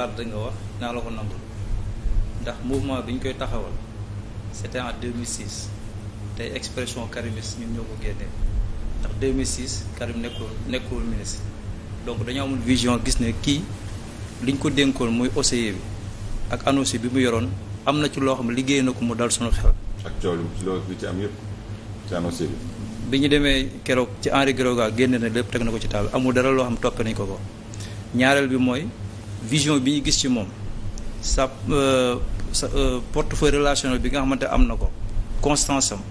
farde nga wax naa la ko nangul ndax mouvement bi ñu koy taxawal c'était en 2006 tey expression karimiste ñun ñoo ko génnee ndax 2006 Karim nekkul nekkul ministre donc dañoo amul vision gis ne kii liñ ko dénkoon muy OCE bi ak annonce bi mu yoroon am na ci loo xam liggéey na ko mu dal sunu xel. ak coono loolu bi ci am yëpp ci annonce bi. bi ñu demee keroog ci Henri Grégoire génne ne lépp teg na ko ci taal amul dara loo xam toppee nañ ko ko ñaareel bi mooy. vision bi ñu gis ci moom sa euh, sa euh, portefeuille relationnel bi nga xamante am na ko constance am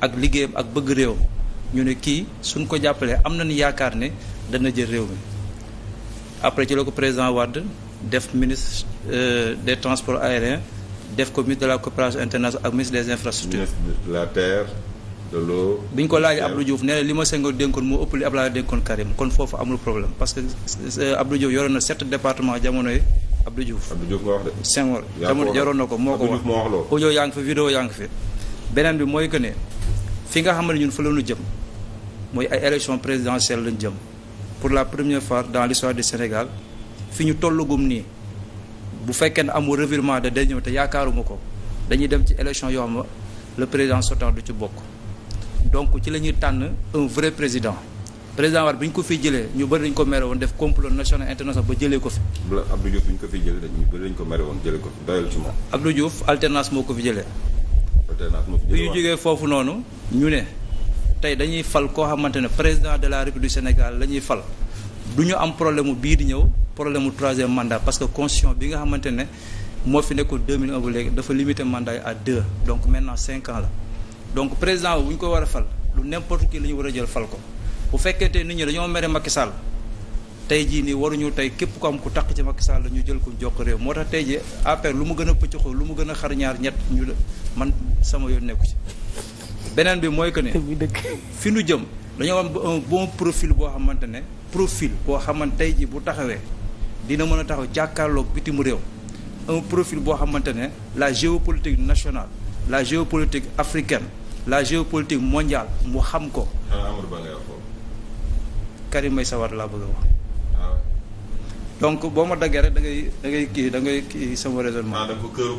ak liggéeyam ak bëgg réewam ñu ne kii suñ ko jàppalee am na nañu yaakaar ne dana jël réew mi après ci la ko président Wade def ministre euh, des transports aériens def ko ministre de la coopération internationale ak ministre des infrastructures. la terre. de l'eau ko laajee Abdou Diouf nee li ma Senghor dénkoon moo ëpp li Abdoulaye dénkoon Karim kon foofu amul problème parce que euh, Abdou Diouf yoroon na sept département jamono yi Abdou Diouf. Abdou Diouf nga wax de. Senghor jamono yoroon na ko moo ko wax audio yaa ngi fi vidéo yaa ngi fi. beneen bi mooy que ne fi nga xam ne ñun fa la ñu jëm mooy ay élection présidentielle lañ jëm pour la première fois dans l'histoire du Sénégal fi ñu tollugum nii bu fekkee ne amul revirement de dernier te yaakaaruma ko dañuy dem ci élection yoo xam le président sortant du ci bokk. donc ci la ñuy tànn un vrai président président war bi ñu ko fiy jëlee ñu bëri dañu ko mere woon def complot national international ba jëlee ko fi. Abdou Diouf bi ñu ko fiy jëlee dañu bëri dañu ko mere woon jëlee ko fi doyal ci moom. Abdou Diouf alternance moo ko fi jëlee. alternance moo bi ñu jógee foofu noonu ñu ne tey dañuy fal koo xamante ne président de la République Sénégal la fal du ñu am problème mu bii di ñëw problème mu troisième mandat parce que constitution bi nga xamante ne moo fi nekkoon 2001 bu léegi dafa limité mandat yi donc maintenant cinq la. donc président bu ñu ko war a fal lu n'importe qui la ñu war a jël fal ko bu fekkee te nit ñi dañoo mere Macky Sall tey jii nii waruñu tey képp ko am ku taq ci Macky Sall la ñu jël ko jox réew moo tax tey jii APR lu mu gën a pëccëxoo lu mu gën a xar ñaar ñett ñu man sama yoon nekku ci beneen bi mooy que ne fi nu jëm dañoo am un bon profil boo xamante ne profil boo xamante tey jii bu taxawee dina mën a taxaw jàkkaarloog bitim réew un profil boo xamante ne la géopolitique nationale la géopolitique africaine la géopolitique mondiale mu xam ko. Ah, Karim Meïssa Wade laa bëgg a ah. donc boo ma daggee rek da ngay da ngay kii da ngay kii sama raisonnement. Ah, da ko këruma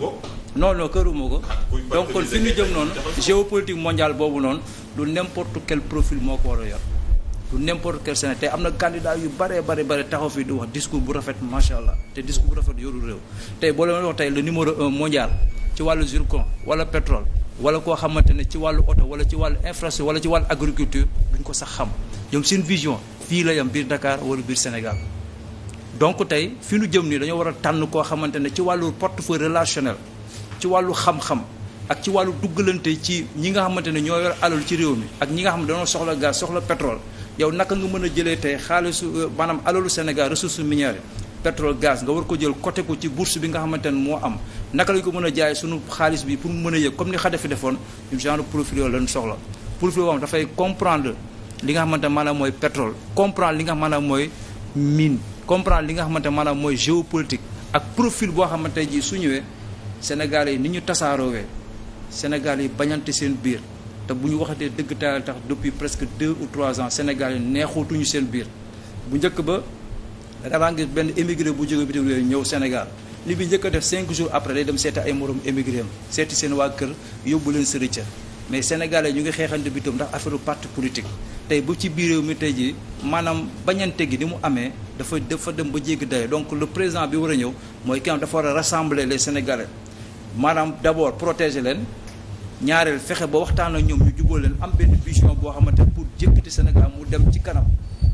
ko. non donc kon fi nu jëm noonu. géopolitique mondiale boobu noonu. lu n'importe quel profil moo ko war a yor. du n'importe quel Sénégal te am na candidat yu bare bare bare taxaw fii du wax discours bu rafet macha allah te discours bu rafet yoru réew. tey boo leen wax tey lu numéro un mondial ci wàllu zircon wala pétrole. wala koo xamante ne ci wàllu oto wala ci wàllu infrastructure wala ci wàllu agriculture duñ ko sax xam ñoom seen vision fii la yam biir Dakar wala biir Sénégal donc tey fi nu jëm nii dañoo war a tànn koo xamante ne ci wàllu portefeuille relationnel ci wàllu xam-xam ak ci wàllu duggalante ci ñi nga xamante ne ñoo yor alal ci réew mi ak ñi nga xam ne dañoo soxla gaz soxla pétrole yow naka nga mën a jëlee tey xaalisu euh, maanaam alalu Sénégal ressources minières pétrole gaz nga war ko jël côté ko ci bourse bi nga xamante ne moo am naka lañ ko mën a jaay suñu xaalis bi pour mu mën a yëg comme ni Kadhafi defoon une genre profil yooyu lañ soxla profil boo xam dafay comprendre li nga xamante maanaam mooy pétrole comprendre li nga maanaam mooy mine comprendre li nga xamante maanaam mooy géopolitique ak profil boo xamante ji su ñëwee Sénégal yi ni ñu tasaaroo tasaaroowee Sénégal yi bañante seen biir te bu ñu waxatee dëgg taal tax depuis presque deux ou trois ans Sénégal yi neexootuñu seen biir bu njëkk ba damaa ngi benn émigré bu jóge bitim réew ñëw Sénégal li bi njëkk a def cinq jours après day dem seeti ay morom émigré am seeti seen waa kër yóbbu leen sa mais sénégalais ñu ngi xeexante bitam ndax affaire parti politique tey bu ci biir réew mi tey ji maanaam bañante gi ni mu amee dafa dafa dem ba jéggi dayo donc le président bi war a ñëw mooy ki am dafa war a rassembler les sénégalais maanaam d'abord protéger leen ñaareel fexe ba waxtaan ak ñoom ñu jubóo leen am benn vision boo xamante pour jëkkati Sénégal mu dem ci kanam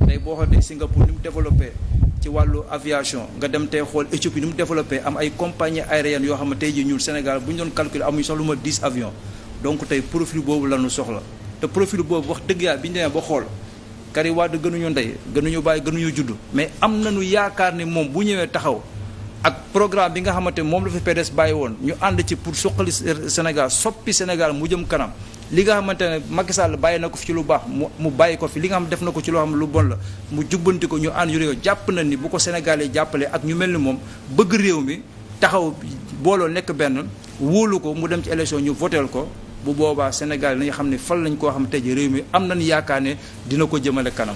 tey boo xoolee Singapour mu développé ci wàllu aviation nga dem tey xool Éthiopie ni mu développé am ay compagnie aérienne yoo xam ne tey jii ñun Sénégal bu ñu doon calculer amuñu sax lu ma 10 donc tey profil boobu la ñu soxla te profil boobu wax dëgg yàlla bi ñu demee ba xool Karim Wade gënuñu ndey gënuñu bàyyi gënuñu juddu mais am nañu yaakaar ni moom bu ñëwee taxaw ak programme bi nga xamante moom la fi PDS bàyyi woon ñu ànd ci pour suqali Sénégal soppi Sénégal mu jëm kanam li nga xamante ne Macky bàyyi na ko fi ci lu baax mu mu bàyyi ko fi li nga xam def na ko ci loo xam lu bon la mu jubbanti ko ñu ànd ñu réew jàpp na ni bu ko Sénégal jàppale ak ñu mel ni moom bëgg réew mi taxaw booloo nekk benn wóolu ko mu dem ci élection ñu voteel ko bu boobaa Sénégal yi nañu xam ne fan lañ koo xam tey ji réew mi am nañu yaakaar ne dina ko jëmale kanam